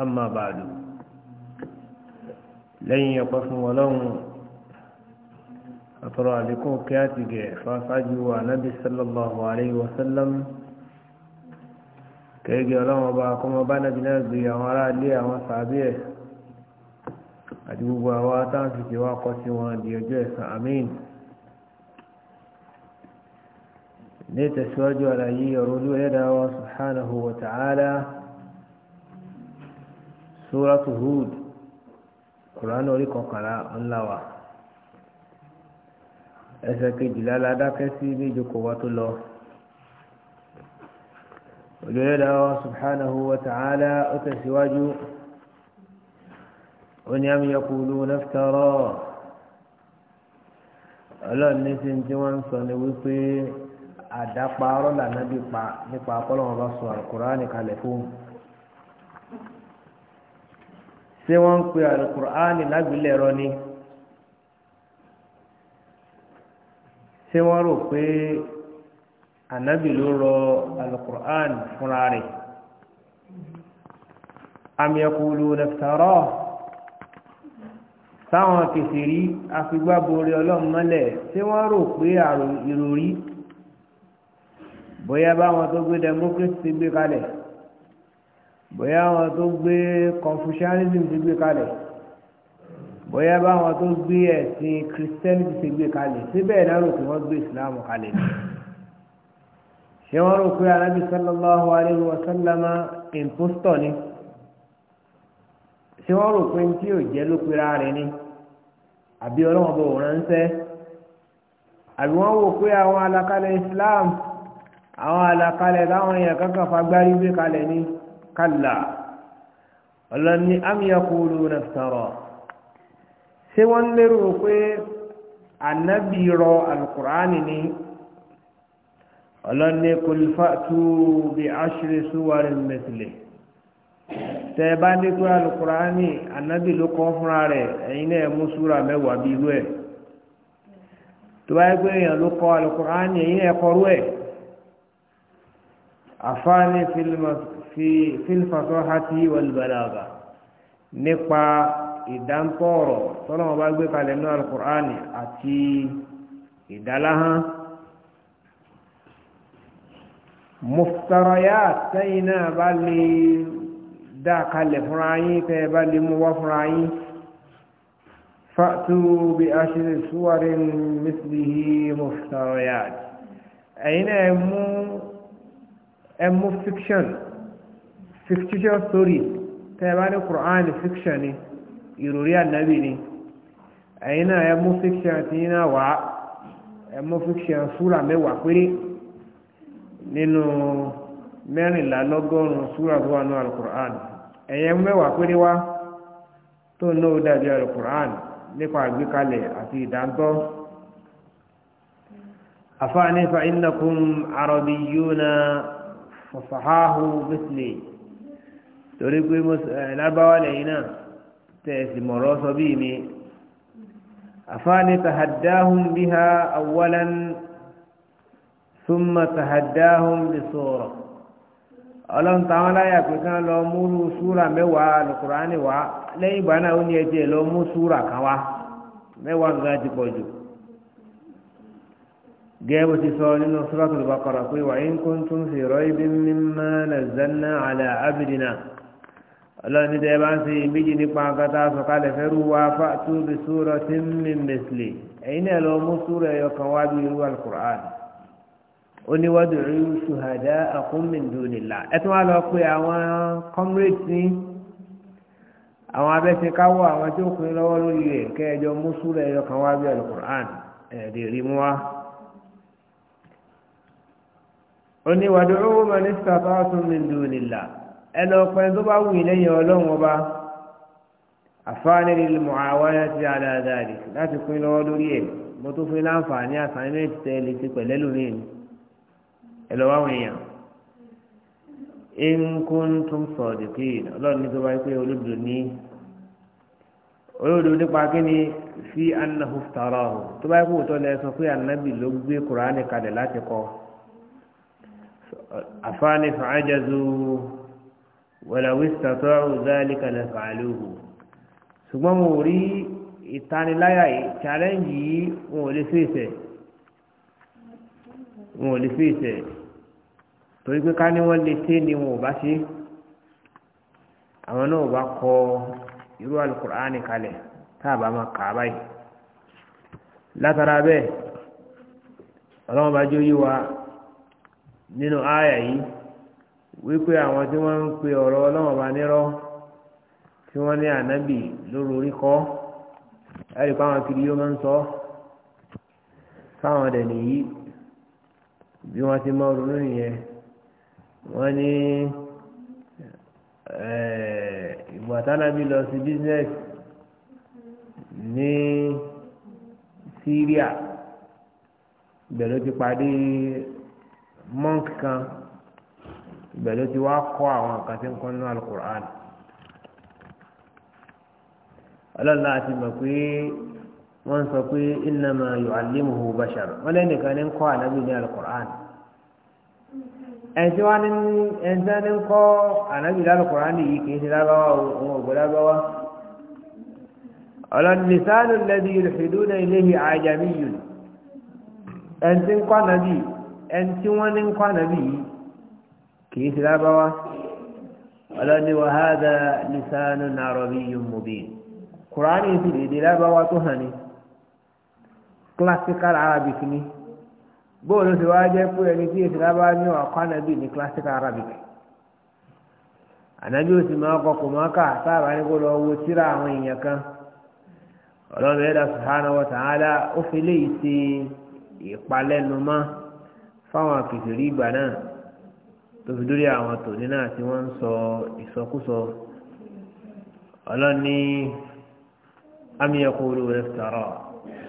amma ba'du lẹ́yìn ọ̀pọ̀ fún ọlọ́run àtọ̀rọ̀ àlékún kí á ti gẹ̀ fáfájú ànábì sallallahu alayhi wa sallam kẹ́gẹ́ ọlọ́run ọba kọ́mọ bá nàbí náà gbé àwọn ará ilé àwọn sàábí ẹ̀ àti gbogbo àwọn atáǹfìtì wa kọ́ sí wọn di ọjọ́ ẹ̀san amín ní ìtẹ̀síwájú àlàyé ọ̀rọ̀ olú ẹ̀dá wa subhanahu wa ta'ala suratu Hud kùránì orí kọkànlá ńlá wa ẹsẹ̀ kejìlá la dákẹ́ sí ní ìjókòó wa tó lọ olùyẹ̀dá wa subhanahu wa ta'ala ó tẹ̀síwájú ó ní am yaquluna iftara ọlọ́run ní sí tí wọ́n ń sọ ni wípé àdápa ọlọ́lá bí pa nípa akọ́lọ́wọ́n bá sọ àlùkùránì kalẹ̀ fún un ṣé wọ́n ń pe alukur'ani lágbélẹ̀rọ ni ṣé wọ́n rò pé anabi ló rọ alukur'ani fúnra rẹ̀ am yaquluna iftara táwọn kẹsìrí afigbáborí ọlọ́run mọ́lẹ̀ ṣé wọ́n rò pé àrò ìròrí bóyá báwọn tó gbé democracy gbé kalẹ̀ bóyá àwọn tó gbé confucianism ti gbé kalẹ̀ bóyá báwọn tó gbé ẹ̀sìn christianity ti gbé kalẹ̀ síbẹ̀ náà rò pé wọ́n gbé islam kalẹ̀ ni ṣé wọ́n rò pé anábì sallallahu alayhi wa sallama impostor ni ṣé wọ́n rò pé tí yóò jẹ́ ló pera rẹ̀ ni àbí ọlọ́wọ́n bò ránṣẹ́ àbí wọ́n wò pé àwọn àlàkalẹ̀ islam àwọn àlàkalẹ̀ láwọn èèyàn kankan fagbárí gbé kalẹ̀ ni kálà ọlọ́ni amíyàkúrú na sọ̀rọ̀ ṣé wọ́n lérò pé ànábì rọ alukùránì ni ọlọ́ni kòlífàtú bí aṣírí súwárí mẹ́sìlẹ̀ tẹ́ bá ní pé alukùránì ànábì ló kọ́ fúnra rẹ̀ ẹ̀yin náà mú súra mẹ́wàá bí irú ẹ̀ tó bá yẹ èèyàn ló kọ́ alukùránì ẹ̀yin náà kọ́rú ẹ̀ àfáàní fílímọ̀sì في في الفصاحة والبلاغة nípa ìdáńtọ́ ọ̀rọ̀ tọ́lọ́mọ bá gbé kalẹ̀ nínú alukur'ani àti ìdáláhán muftaraya sẹ́yìn náà bá lè dá kalẹ̀ fúnra yín tẹ́ ẹ bá lè mú wá fúnra yín fàtú bí a ṣe lè súwárin mísìlìhì muftaraya ẹ̀yin náà ẹ mú ẹ mú fiction fictional story tẹ́ẹ̀bá ní Quran fiction ni ìròrí ànábì ni ẹ̀yin náà ẹ mú fiction tí yín náà wá ẹ mú fiction súra mẹ́wàá péré nínú mẹ́rìnlélọ́gọ́rùn-ún súra tó wà ní alukur'an ẹ̀yẹ mẹ́wàá péré wá tó náà dàbí alukur'an nípa àgbékalẹ̀ àti ìdántọ́ àfáà nípa innakum arabiyyuna fasahahu mithli torí pé lábáwá lẹ́yìn náà tẹ̀sí mọ̀rọ́ sọ bíi mi àfáàní tàhádáhùn bí ha awwalan súnmọ́ tàhádáhùn bí sọ̀rọ̀ ọlọ́run táwọn láyà pé kí wọ́n lọ múrú súra mẹ́wàá lùkùránì wá lẹ́yìn ìgbà náà ó ní ẹjẹ́ lọ mú súra kan wá mẹ́wàá nǹkan ti pọ̀ jù gẹ́gẹ́ ti sọ nínú Suratul Baqara pé wa in kuntum fi raybin mimma nazzalna ala abdina ọlọ́ni tẹ́ bá ń ṣe méjì nípa akata sọ̀kalẹ̀ fẹ́rù wa fa tóbi sóra tí ń mi mẹ́sìlẹ̀ ẹ̀yin náà lọ mú sóra ẹ̀yọ kan wá bí irú alukur'an ó ní wọ́n dùn ún ṣùhàdá àkúnmìndùnìlà ẹ tún wá lọ pé àwọn comrades ní àwọn abẹ́sẹ̀káwọ́ àwọn tí ó pin lọ́wọ́ lórí rẹ̀ kẹ́ẹ̀jọ mú sóra ẹ̀yọ kan wá bí alukur'an ẹ̀ẹ́dẹ̀ rí mú wa. ó ní wọ́n dùn ní sàtọ́ ẹlọ pẹ́ tó bá wù lẹ́yìn ọlọ́run ọba àfáàní lè mọ̀ àwọn ẹ̀yà ti àdáadáa rè láti pín lọ́wọ́ lórí ẹ̀ mo tó fún láǹfààní àsánímẹ́ǹtì tẹ́ lè ti pẹ̀lẹ́ lómi ẹ̀ ẹlọ wá wọn èèyàn inkuntum sọ̀dìkìn ọlọ́run ní tó bá pé olódò ní olódò nípa kí ni fi annahu iftarahu tó bá pé òótọ́ lẹ pé annabi ló gbé kuraani kalẹ̀ láti kọ́ àfáàní fàájà zuu wọ̀làwí sàtọ́rọ̀ zálíkà lè fàálùhù ṣùgbọ́n wọn ò rí ìtaniláyà challenge yìí wọn ò lè fèsẹ̀ wọn ò lè fèsẹ̀ torí pé ká ní wọ́n lè tẹ́ ni wọn ò bá ṣe àwọn náà ò bá kọ irú alukur'ani kalẹ̀ tá a bá máa kà á báyìí látara bẹ́ẹ̀ ọlọ́run bá jó yí wa nínú ááyà yìí wípé àwọn tí wọ́n ń pe ọ̀rọ̀ ọlọ́wọ́n bá nírọ́ tí wọ́n ní ànábì lóru orí kọ́ ẹ̀rí pé àwọn kiri yóò máa ń sọ fáwọn ọ̀dẹ̀ nìyí bí wọ́n ti mọ ronú nìyẹn wọ́n ní ìgbà tánábì lọ sí bísínẹ́sì ní Síríà bẹ̀rẹ̀ ló ti parí mọ́ǹkì kan ibẹ̀ ló ti wá kọ́ àwọn nǹkan tí ń kọ́ nínú alukur'an ọlọ́lá àti mọ̀ pé wọ́n ń sọ pé innama yu'allimuhu bashar wọ́n lẹ́nìkan ní ń kọ́ ànábì ní alukur'an ẹ̀sìn wa ní ń kọ́ ànábì ní alukur'an yìí kì í ṣe lábáwá òun ògbó lábáwá ọlọ́ni lisanu alladhi yulhiduna ilayhi ajamiyyun ẹ̀sìn kọ́ ànábì ẹ̀sìn wọn ní ń kọ́ ànábì yìí kìí ṣe lábáwá ọlọ́ni wa hádà lisanu arabiyyun mubin kùránì ti dèdè lábáwá tó hàn ní classical arabic ni bóòlù ti wá jẹ́ pé ẹni tí èsì lábáwá ní ọ̀kọ́ ní classical arabic ànábì ó sì máa kọ kò máa kà sáàbà fi tóbi dórí àwọn tòní náà tí wọ́n ń sọ ìsọkúsọ ọlọ́ni amíyẹ̀kọ́ olówó ẹ̀fẹ̀tàrọ̀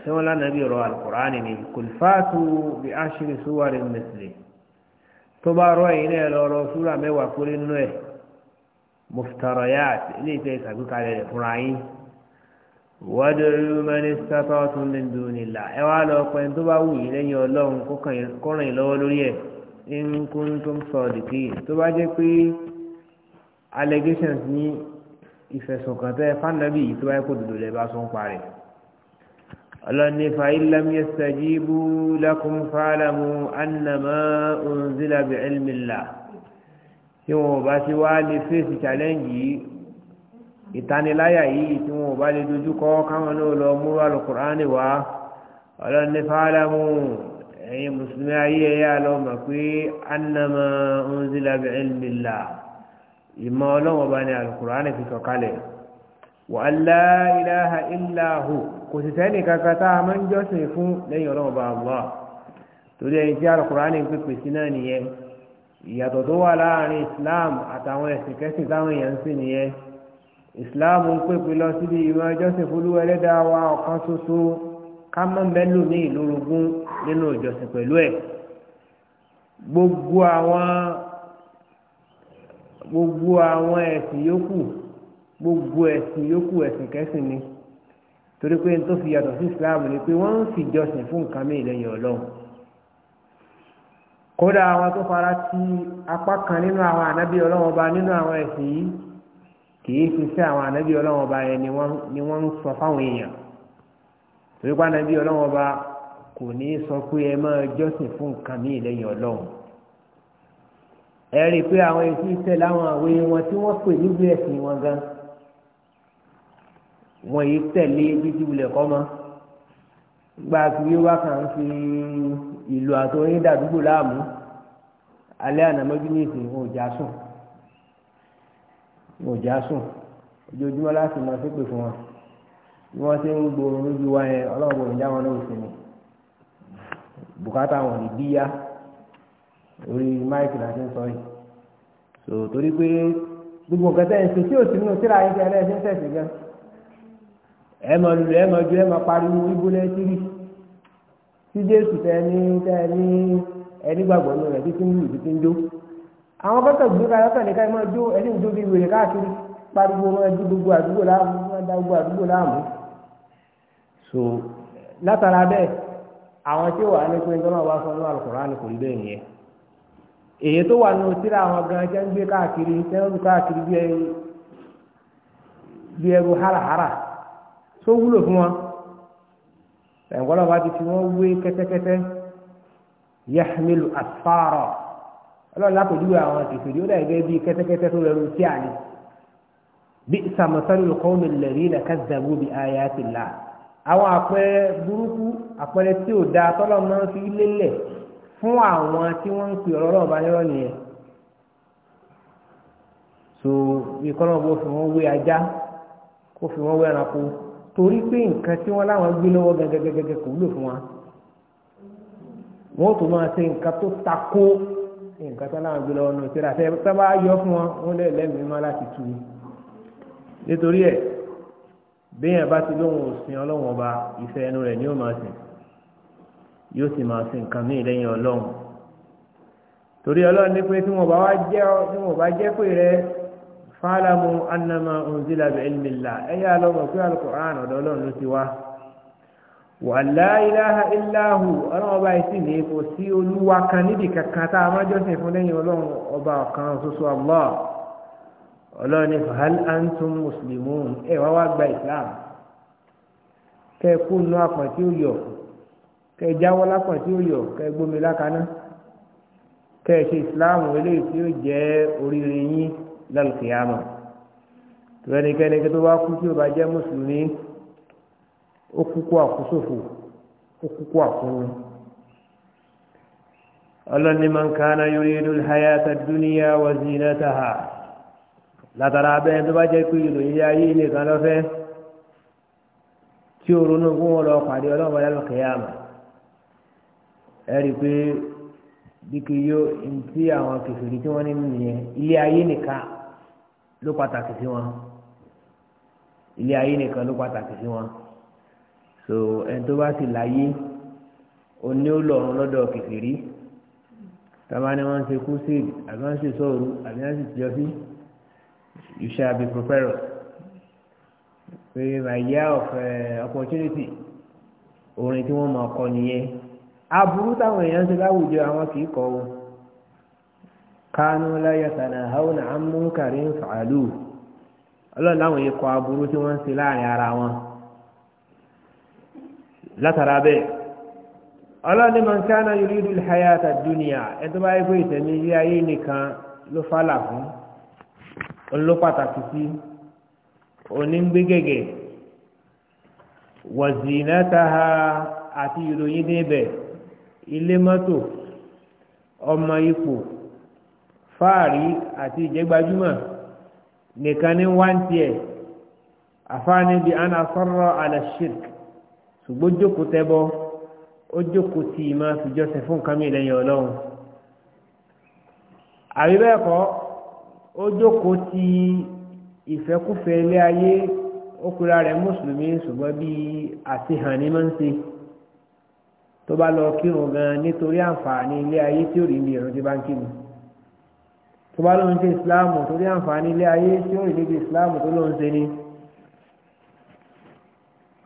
tí wọ́n lánàá bí ọ̀rọ̀ alukur'ani ni kòlífàtù bí aṣírí súwárì mẹsìlẹ̀ tó bá rọ ẹ̀yìn náà lọ́rọ̀ súra mẹ́wàá kúrẹ́ nínú ẹ̀ muftarayat ilé ìfẹ́ ìsàgbékalẹ̀ rẹ̀ fúnra yín wọ́dọ̀rú mẹ́ni sátọ́ tún ní dùn nílà ẹ wá lọ pẹ́ bá wù yín lẹ́yìn ọlọ́run kọ́ràn yín lọ́wọ́ lórí ẹ̀ in kuntum sadiqin tó bá jẹ́ pé allegations ní ìfẹ̀sùnkàntẹ́ fanabi yìí tó bá yẹ kó dodo lẹ́ bá sún parẹ́ ọlọ́ni fàáyín lam yastajibu lakum fa'lamu annama unzila bi ilmillah tí wọn ò bá ti wá lè fèsì challenge yìí ìtaniláyà yìí tí wọn bá lè dojú kọ káwọn náà lọ múra lọ wá ọlọ́ni fa'lamu ẹ̀yin mùsùlùmí ayé ẹ̀yà lọ mọ̀ pé annama unzila bi ilmillah ìmọ̀ ọlọ́wọ́ bá ní alukur'ani fi sọ̀kalẹ̀ wa alla ilaha illa hu kò sì sẹ́ni kankan tá a máa ń jọ́sìn fún lẹ́yìn ọlọ́wọ́ bá Allah torí ẹni tí alukur'ani ń pèpè sí náà nìyẹn ìyàtọ̀ tó wà láàrin islam àtàwọn ẹ̀sìn kẹ́sìn táwọn èèyàn ń sìn nìyẹn islam ń pèpè lọ síbi ìmọ̀ ọjọ́sìn fúlúwẹ́lẹ́dàá ọ̀kan ṣoṣo ká mọ́ mẹ́lò ní ìlúrogún nínú ìjọsìn pẹ̀lú ẹ̀ gbogbo àwọn gbogbo àwọn ẹ̀sìn yòókù gbogbo ẹ̀sìn yòókù ẹ̀sìn kẹ́sìn ni torí pé tó fi yàtọ̀ sí Islam ni pé wọ́n ń fìjọsìn fún nǹkan mí lẹ́yìn Ọlọ́run kódà àwọn tó fara ti apá kan nínú àwọn ànábì Ọlọ́run ọba nínú àwọn ẹ̀sìn yìí kì í fi sí àwọn ànábì Ọlọ́run ọba yẹn ni wọ́n ń sọ fáwọn èèyàn torí pa nàbí ọlọ́run ọba kò ní sọ pé ẹ máa jọ́sìn fún nǹkan míì lẹ́yìn ọlọ́run ẹ rí i pé àwọn etí tẹ láwọn àwé wọn tí wọ́n pè níbi ẹ̀sìn wọn gan wọn yìí tẹ̀lé bíbí wulẹ̀ kọ́ mọ́ gba kiri wá kàn fi ìlú àtọyìn dàdúgbò láàmú alẹ́ ànàmọ́jú ní ìsìn wọn ò já sùn wọn ò já sùn ojoojúmọ́ láti máa ṣépè fún wọn bí wọ́n ṣe ń gbòòrùn lójú wa yẹn ọlọ́run kò ní dá wọn náà sinmi bùkátà wọn ní bíyá orí máìkì láti ń sọ yìí so torí pé gbogbo nǹkan tẹ́ ẹ̀ ń ṣe tí ò sí nínú síra yín tẹ́ ẹ ṣe ń tẹ̀sí gan ẹ mọ lulẹ̀ ẹ mọ ju ẹ mọ pariwo ibo lẹ́ ti rí tí jésù tẹ ní tẹ ní ẹni gbàgbọ́ nínú rẹ̀ títí ń lù títí ń jó àwọn kọ́kọ́ gbé ká lọ́kàn ní ká ẹ mọ jó ẹni ń jó bí wèrè káàkiri pariwo wọn ju gbogbo àdúgbò láàmú wọn da gbogbo àdúgbò láàmú so látara bẹ́ẹ̀ àwọn tí ó wà ní pé gbọ́dọ̀ wá sọ ní alukurani kò rí bẹ́ẹ̀ nìyẹn èyí tó wà nù tíra àwọn gan jẹ́ ń gbé káàkiri jẹ́ ń lu káàkiri bí ẹrú bí ẹrú hárahárà tó wúlò fún wọn ẹ̀ńgọ́lọ́ bá ti fi wọ́n wé kẹ́tẹ́kẹ́tẹ́ yahmilu asfara ọlọ́run lápòjúwe àwọn kìfìrí ó dàgẹ́ bíi kẹ́tẹ́kẹ́tẹ́ tó rẹrù tí a ní bí sàmùsàlù kọ́ọ̀mù lẹ́rìí nà kàzàbù bí ayatillah àwọn àpẹẹrẹ burúkú àpẹẹrẹ tí ò dáa tọ́lọ́ máa ń fi lélẹ̀ fún àwọn tí wọ́n ń pè ọ̀rọ̀ ọ̀rọ̀ ọba nírọ̀ nìyẹn so ìkọ́nà bó fi wọ́n wé ajá kó fi wọ́n wé ẹranko torí pé nǹkan tí wọ́n láwọn gbé lọ́wọ́ gẹ́gẹ́gẹ́gẹ́ kò wúlò fún wa wọ́n tó máa ṣe nǹkan tó takò nǹkan tó láwọn gbé lọ́wọ́ náà ṣe rà fẹ́ sábà yọ fún wọn wọ́n lè lẹ́mìí má láti tu nítorí ẹ̀ béèyàn bá ti lóhùn òsìn ọlọ́run ọba ìfẹ́ ẹnu rẹ̀ ni ó máa sìn yóò sì máa sìn nǹkan míì lẹ́yìn ọlọ́run torí ọlọ́run ní pé tí wọ́n bá wá jẹ́ tí wọ́n bá jẹ́ pé rẹ fálámù annama unzila bi ilmillah ẹ̀yà lọ́mọ pé alukur'an ọ̀dọ̀ ọlọ́run ló ti wá wa la ilaha ọlọ́run ọba yìí sì ní kò sí olúwa kan nídìí kankan tá a máa jọ́sìn fún lẹ́yìn ọlọ́run ọba ọ̀kan ṣoṣo Allah ọlọ́ọ̀ni fahal antum muslimun ẹ wá wá gba islam kẹ ẹ kú nù apọ̀ tí ó yọ kẹ ẹ jáwọ́ lápọ̀ tí ó yọ kẹ ẹ gbómi lákaná kẹ ẹ ṣe islam eléyìí tí ó jẹ́ oríire yín lálùkìyàmọ̀ tùwẹ́nikẹ́ni kí tó bá kú tí ó bá jẹ́ mùsùlùmí ó kú àkúsòfò ó kú àkúrú ọlọ́ni man kana yuridu al-hayata ad-dunya wa zinataha látara abẹ́ tó bá jẹ́ pé ìròyìn ayé nìkan lọ́fẹ́ tí o ronú kó wọn lọ pàdé ọlọ́run ọ̀yá lọ́kẹ́ yá mà ẹ rí i pé bíkì yóò ntí àwọn kẹfìrí tí wọ́n ní nìyẹn ilé ayé nìkan ló pàtàkì sí wọn ilé ayé nìkan ló pàtàkì sí wọn so ẹni tó bá sì láyé oní olóòrùn lọ́dọ̀ kẹfìrí tábà ni wọ́n ń ṣe kú sí àbí wọ́n ń ṣe sọ́ọ̀rù àbí wọ́n ń ṣe tìjọ́sí. you shall be prepared pé my year of uh, opportunity orin tí ma máa kọ nìyẹn aburú táwọn èèyàn ṣe láwùjọ àwọn kì í kọ wọn kánú láyà tànà haúnà amúnkàrí ń fàálù ọlọ́run láwọn yìí kọ aburú tí wọ́n ń ṣe láàrin ara wọn látara bẹ́ẹ̀ ọlọ́run ní man kánà yuridu hayata dunya ẹ̀ tó bá yẹ ìtẹ̀mí ńlọ pàtàkì sí onígbégègè wọ̀zìnàtàhà àti ìròyìn níbẹ̀ ilé mọ́tò ọmọ ipò fáàrí àti ìjẹgbajúmọ̀ nìkan ní wáńtìẹ̀ àfáàní bíi àná sọ̀rọ̀ àlàṣírk ṣùgbọ́n jókòó tẹ́bọ́ ó jókòó tì í máa fi jọ́sẹ̀ fún kàmí lẹ́yìn ọlọ́run àbí bẹ́ẹ̀ ó jókòó ti ìfẹ́kúfẹ́ ilé ayé ó pera rẹ̀ mùsùlùmí ṣùgbọ́n bí àtihàn ni máa ń ṣe tó bá lọ kírun gan nítorí àǹfààní ilé ayé tí ò rí ibi ìrun tí bá ń kírun tó bá lóun ṣe ìsìláàmù torí àǹfààní ilé ayé tí ó rí níbi ìsìláàmù tó lóun ṣe ni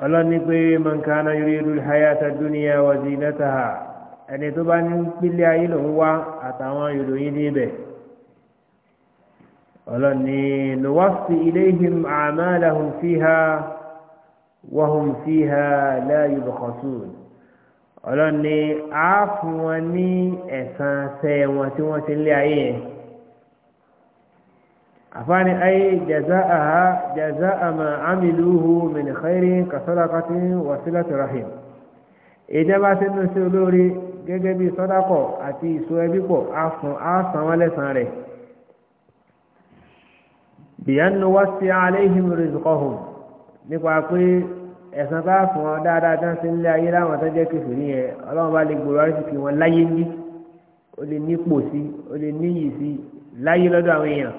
ọlọ́ni pé mọ̀nkánà yuridu hayata dúníyà wà zinataha ẹni tó bá ní pílé ayé lòun wá àtàwọn ìròyìn níbẹ̀ ọlọ́ni nuwafi iléhìm àmàlàhùn fíha wọ́hùn fíha láàyè bọ̀kọ̀tún ọlọ́ni á fún wọn ní ẹ̀san sẹ́ wọn tí wọ́n ti lé ayé yẹn àfáàní ayé jaza aha jaza ama amiluhu min khairi kasadakati wasilati rahim ìjọba ti sí olórí gẹ́gẹ́ bí sọ́dákọ̀ àti ìṣó ẹbí pọ̀ á fún á san rẹ̀ bìyànnu wá sí aléhìm rìzùkọ́hùn nípa pé ẹ̀sán bá fún wọn dáadáa tán sí ilé ayé láwọn tó jẹ́ kẹfìrí yẹn ọlọ́run bá lè gbòòrò àrísìkì wọn láyé ní ó lè nípò sí ó lè níyì sí láyé lọ́dọ̀ àwọn èèyàn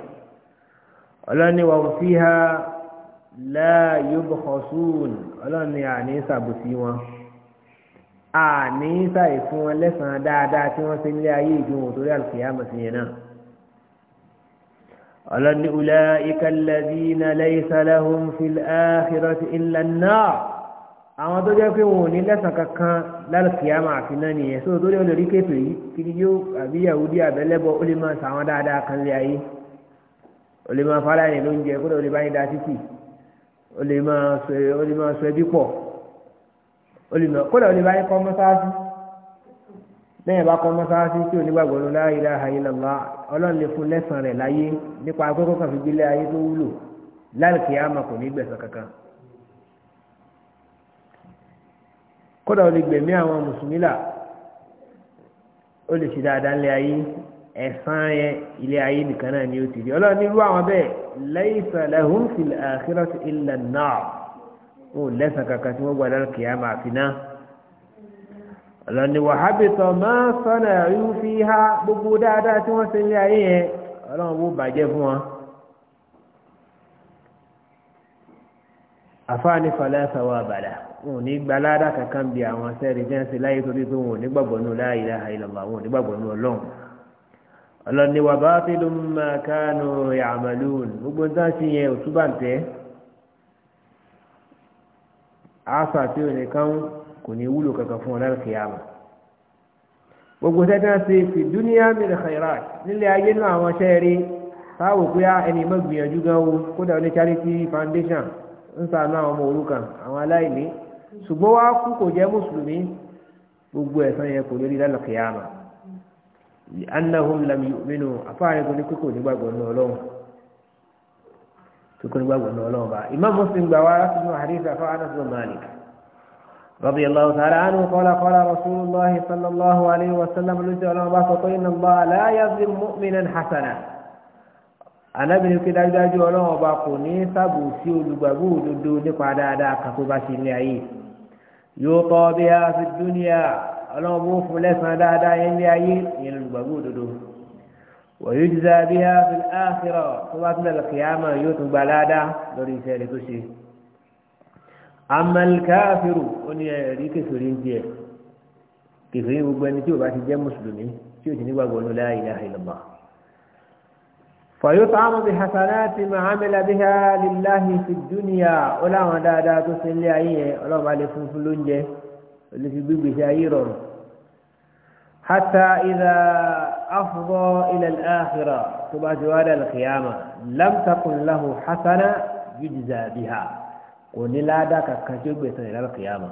ọlọ́ni wọn fi ha láàyò bọ̀kọ̀sùn ọlọ́ni àní sàbòsí wọn àní sàì fún wọn lẹ́sàn-án dáadáa tí wọ́n sí ilé ayé ìdúnwò torí àlùkìyàmọ̀ sí náà ọlọ́ni ulẹ̀ ikẹ̀lẹ́dì iná lẹ́yìnsálẹ́hùn fìlẹ́ẹ̀kìrọ́tì ilẹ̀ náà àwọn tó jẹ́ pé wọn ò ní lẹ́sàn kankan lálùkìyàmà àfi náà nìyẹn sóò tó lé olórí kéètò yìí kiri yóò àbí yahudi àbẹ́lẹ́bọ ó lè máa sàwọn dáadáa kan lé ayé ó lè máa fara ẹni lóúnjẹ kó lè ó lè bá yín da títì ó lè máa sọ ẹbí pọ̀ ó lè máa kó lè ó lè bá yín kọ́ mọ́sáàsì bẹ́ẹ̀ bá kọ́ mọ́sáàsì tí onígbàgbọ́ ló la ilaha illallah ọlọ́run lè fún lẹ́sàn rẹ̀ láyé nípa akẹ́kọ̀ọ́ kan fi gbélé ayé tó wúlò láìkí àmọ́ kò ní gbẹ̀sán kankan. kódà ó lè gbẹ̀mí àwọn mùsùlùmí là ó lè ṣe dáadáa ńlẹ̀ ayé ẹ̀sán yẹn ilé ayé nìkan náà ni ó ti rí ọlọ́run nírú àwọn bẹ́ẹ̀ laysa lahum fil akhirati illa an-nar ó lẹ́sàn kankan tí wọ́n gbọ́dọ̀ ọlọ́ni wàhábìtọ̀ máa sọ́nà ẹ̀rú fi ha gbogbo dáadáa tí wọ́n ṣe ní ayé yẹn ọlọ́run bó bàjẹ́ fún wọn. àfáàní falẹ́ sọ̀wọ́ àbàdà wọn ò ní gba aládàá kankan bí àwọn sẹ́ẹ̀rì bí wọ́n láyé torí pé wọn ò ní gbàgbọ́ nù la ilaha illallah wọn ò ní gbàgbọ́ nù ọlọ́run. ọlọ́ni wà bá ti ló máa kánú ya'malun gbogbo ń tán sí yẹn òtúbàǹtẹ́ àṣà tí ò ní kánú kò ní wúlò kankan fún ọ lálẹ́ kìyàmà gbogbo sẹ́tẹ́ ṣe fi dúníà mìíràn khairat nílé ayé náà àwọn ṣẹ́ rí táwọn òkú yá ẹni mọ́ gbìyànjú gan o kódà ní charity foundation ń sàánú àwọn ọmọ òrukàn àwọn aláìní ṣùgbọ́n wá kú kò jẹ́ mùsùlùmí gbogbo ẹ̀san yẹn kò lórí lálẹ́ kìyàmà annahum lam yu'minu afáàrin kò ní kókò nígbàgbọ́ ní ọlọ́run kókò nígbàgbọ́ ní ọlọ́run bá imam muslim gbà wá láti inú àdéhùn àfáà anas bin malik رضي الله تعالى عنه قال قال رسول الله صلى الله عليه وسلم لسي علماء باسطة الله لا يظلم مؤمنا حسنا أنا بن كده داجو علماء باقوني سابو سيو لبابو دودو نقع دادا كتوبة شنعي يوطى بها في الدنيا علماء بوف لسنا دادا ينعي ينو لبابو دودو ويجزى بها في الآخرة طبعا القيامة يوتو بلادا لوري سيري تشيه amalikafiru ó ní ẹ̀rí kẹfìrí ń jẹ kẹfìrí gbogbo ẹni tí ó bá ti jẹ́ mùsùlùmí tí ó ti nígbàgbọ́ ní la ilaha illallah fàyọ́tàmù bí hasanati ma'amila bí ha lillahi fi dúnìyà ó láwọn dáadáa tó ṣe ilé ayé yẹn ọlọ́ba lè funfun lóúnjẹ ó lè fi gbígbèsè ayé rọrùn حتى إذا أفضى إلى الآخرة تبعد على القيامة لم تكن له حسنة يجزى بها kò ní ládàá kankan tí ó gbẹ̀sán rẹ̀ lálọ́ kìyàmà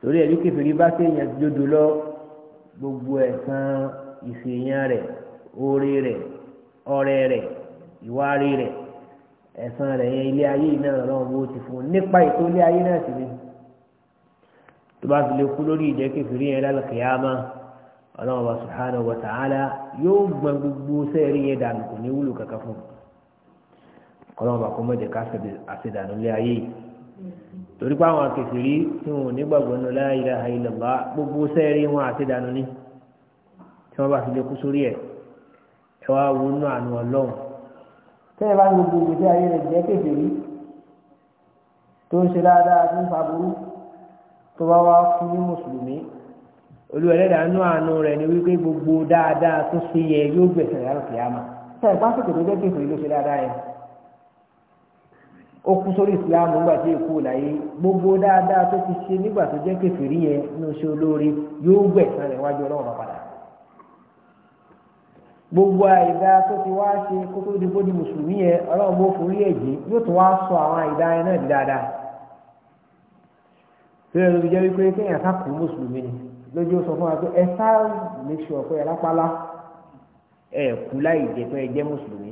torí ẹ̀rí kẹfìrí bá séèyàn jódo lọ gbogbo ẹ̀sán ìsèyàn rẹ̀ oore rẹ̀ ọrẹ rẹ̀ ìwárí rẹ̀ ẹ̀sán rẹ̀ yẹn ilé ayé náà lọ́wọ́ bó ti fún un nípa ètò ilé ayé náà sì ni tó bá fi lè kú lórí ìjẹ́ kẹfìrí yẹn lálọ́ kìyàmà ọlọ́wọ́ subhanahu wa ta'ala yóò gbọ́n gbogbo sẹ́ẹ̀rí yẹn dànù kò ní wúlò kankan fún un kọ́lọ́mù bá kó mọ̀jẹ̀ ká àṣedànù lé ayé yìí torí pé àwọn kèfèrí tí wọn ò ní gbàgbọ́ nù la ilaha illallah gbogbo sẹ́ẹ̀rí wọn àṣedànù ni tí wọ́n bá fi lè kú sórí ẹ̀ ẹ wá wo inú àánú ọlọ́run tẹ́lẹ̀ bá gbogbo ìgbésí ayé rẹ̀ jẹ́ kèfèrí tó ń ṣe dáadáa tó ń faburú tó bá wá kú ní mùsùlùmí olùwẹ̀lẹ́dàánú àánú rẹ̀ ni wípé gbogbo dáadáa tó ṣe yẹ yóò gbẹ̀sẹ̀ yàrá kìáma tẹ́lẹ̀ pásítọ̀ tó jẹ́ ó kú sórí ìsìláàmù nígbà tí èkó láyé gbogbo dáadáa tó ti ṣe nígbà tó jẹ́ kèfèrí yẹn ní oṣù olóore yóò gbẹ̀san rẹ̀ wájú ọlọ́run padà gbogbo àìdá tó ti wá ṣe kó tó di bódi mùsùlùmí yẹn ọlọ́run bó forí ẹ̀jẹ̀ yóò tún wá sọ àwọn àìdá yẹn náà di dáadáa tó yẹ lóbi jẹ́ wípé kéèyàn ká mùsùlùmí ni lójú sọ fún wa pé ẹ sá lè ṣe pé ẹ jẹ́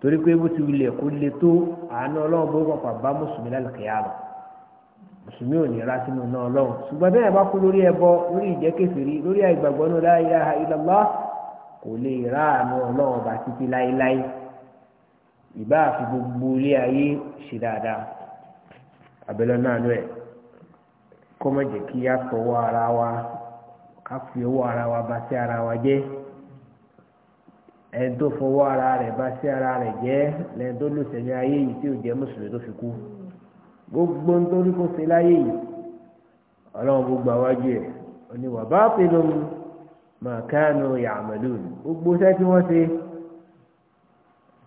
torí pé bó ti wulẹ̀ kó le tó àánú ọlọ́run bó kọ̀ọ̀kan bá mùsùlùmí lálùkìyà lọ mùsùlùmí ò ní ra sínú náà ọlọ́run ṣùgbọ́n bẹ́ẹ̀ bá kú lórí ẹbọ lórí ìjẹ́kẹsìrí lórí àìgbàgbọ́ náà la ilaha illallah kò lè ra àánú ọlọ́run bá títí láéláé ìbá àfi gbogbo ilé ayé ṣe dáadáa abẹ́lẹ́ náà lọ kọ́mọ̀jẹ̀ kí á tọwọ́ ara wa ká fi ọwọ́ ara wa bà sí ara wa jẹ́ ẹni tó fọwọ́ ara rẹ̀ bá sí ara rẹ̀ jẹ́ lẹ́ni tó lò sẹ́yìn ayé yìí tí ò jẹ́ mùsùlùmí tó fi kú gbogbo ń torí kó ṣe láyé yìí ọlọ́run gbogbo àwájú ẹ̀ oníwà bá pinnu màkánù yàmẹ̀lú gbogbo iṣẹ́ tí wọ́n ṣe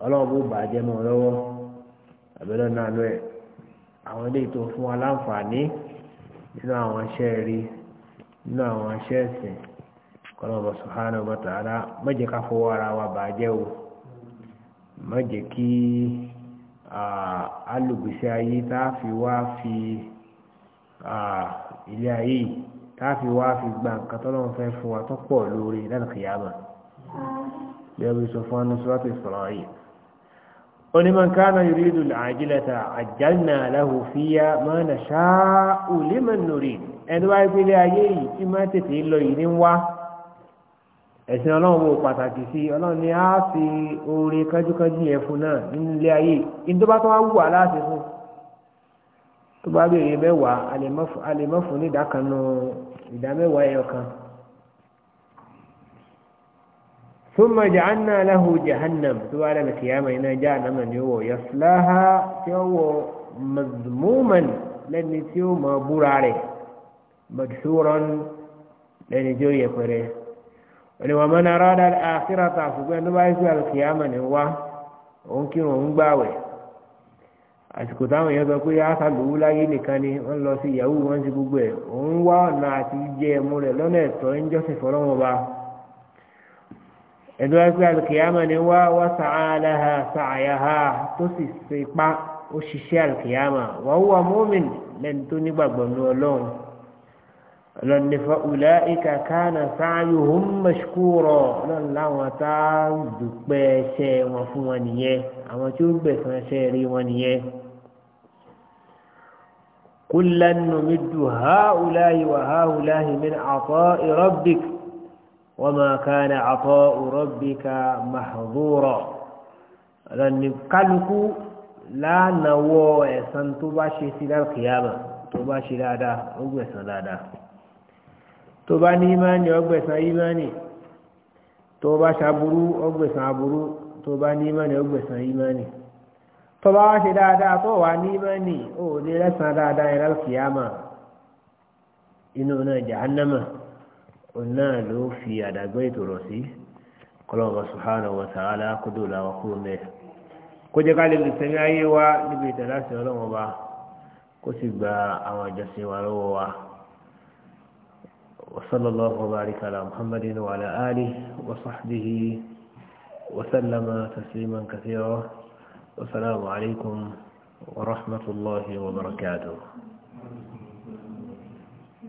ọlọ́run bó bàjẹ́ mọ́ lọ́wọ́ àbẹ̀lẹ́ náà lọ ẹ̀ àwọn ilé ìtò fún wa láǹfààní nínú àwọn iṣẹ́ rí nínú àwọn iṣẹ́ ẹ̀sìn kọlọ́ọ̀bọ subhanahu wa ta'ala má jẹ́ ká fọwọ́ ara wa bàjẹ́ o má jẹ́ kí alùgbèsè ayé tá a fi wá fi ilé ayé tá a fi wá fi gba nǹkan tọ́lọ́run fẹ́ fún wa tó pọ̀ lórí lánàá kìyàmà bí ẹbí sọ fún ọ́nà sọ́tò ìsọ̀rọ̀ yìí ó ní man kana yuridu ẹni wáyé pé ayé yìí tí má tètè lọ yìí wá ẹ̀sìn ọlọ́run wo pàtàkì sí ọlọ́run ni a fi oore kánjúkánjú yẹn fún náà nínú ilé ayé ìdọ́bà tó wá wù wá láti fún tó bá béèrè mẹ́wàá a lè mọ́ fún ní ìdákanu ìdá ẹ̀yọ kan. ثم جعلنا له جهنم سؤال القيامة إن جاء من هو يصلاها فهو مذموما لن يتيوم براره مدحورا لن يجري يقره wọ́n ní wọ́n mọ́ni aráàdá àkírata àfùgbọ́n tó bá yẹ kí alùkìyàmọ̀ ní wá òun kírun òun gbàwẹ̀ àsìkò táwọn èèyàn sọ pé àṣàlùwú láyé nìkan ni wọ́n lọ sí yahoo wọ́n ti gbogbo ẹ̀ òun wá ọ̀nà àti jẹ ẹ̀mú rẹ̀ lọ́nà ẹ̀tọ́ ń jọ́sìn fọlọ́wọ́n ba ẹ̀dọ́ wáyé pé alùkìyàmọ̀ ni wá wá sàáláha sàáyáha tó sì ṣe pa ó ṣiṣẹ́ alùkìyàmọ̀ wọ́n wà mọ́mìn lẹ́ni tó nígbàgbọ́ ní ọlọ́run ọlọ́run ní fa ulaika kana sa'yuhum mashkura ọlọ́run láwọn tá a dúpẹ́ ẹsẹ̀ wọn fún wọn nìyẹn àwọn tí ó gbẹ̀sán ẹsẹ̀ rí wọn nìyẹn. kullan numiddu ha'ula'i wa ha'ula'i min ata'i rabbik wa ma kana ata'u rabbika mahdura ọlọ́run ní kálukú lánàá wọ ẹ̀san tó bá ṣe sí lálùkìyàmà tó bá ṣe dáadáa ó gbẹ̀sán dáadáa tó bá ní ìmánì ọgbẹ̀sán ìmánì tó bá ṣàbúrú ọgbẹ̀sán àbúrú tó bá ní ìmánì ọgbẹ̀sán ìmánì tó bá wá ṣe dáadáa tó wà ní ìmánì ó lè lẹ́sàn dáadáa ẹ̀rọ kìyàmà inú náà jahannama òun náà ló fi àdàgbẹ́ ìtòrọ̀ sí kọlọ́ọ̀bà subhanahu wa ta'ala kúdò làwọn kúrò mẹ́rin kó jẹ́ ká lè lè sẹ́mi ayé wa níbi ìtẹ̀lásí ọlọ́wọ́n wa kó sì gba àwọn ìjọsìn wa lọ́wọ́ wa. وصلى الله وبارك على محمد وعلى آله وصحبه وسلم تسليما كثيرا والسلام عليكم ورحمة الله وبركاته